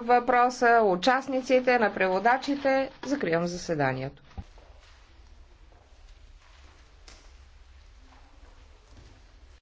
въпроса, участниците, на преводачите. Закривам заседанието.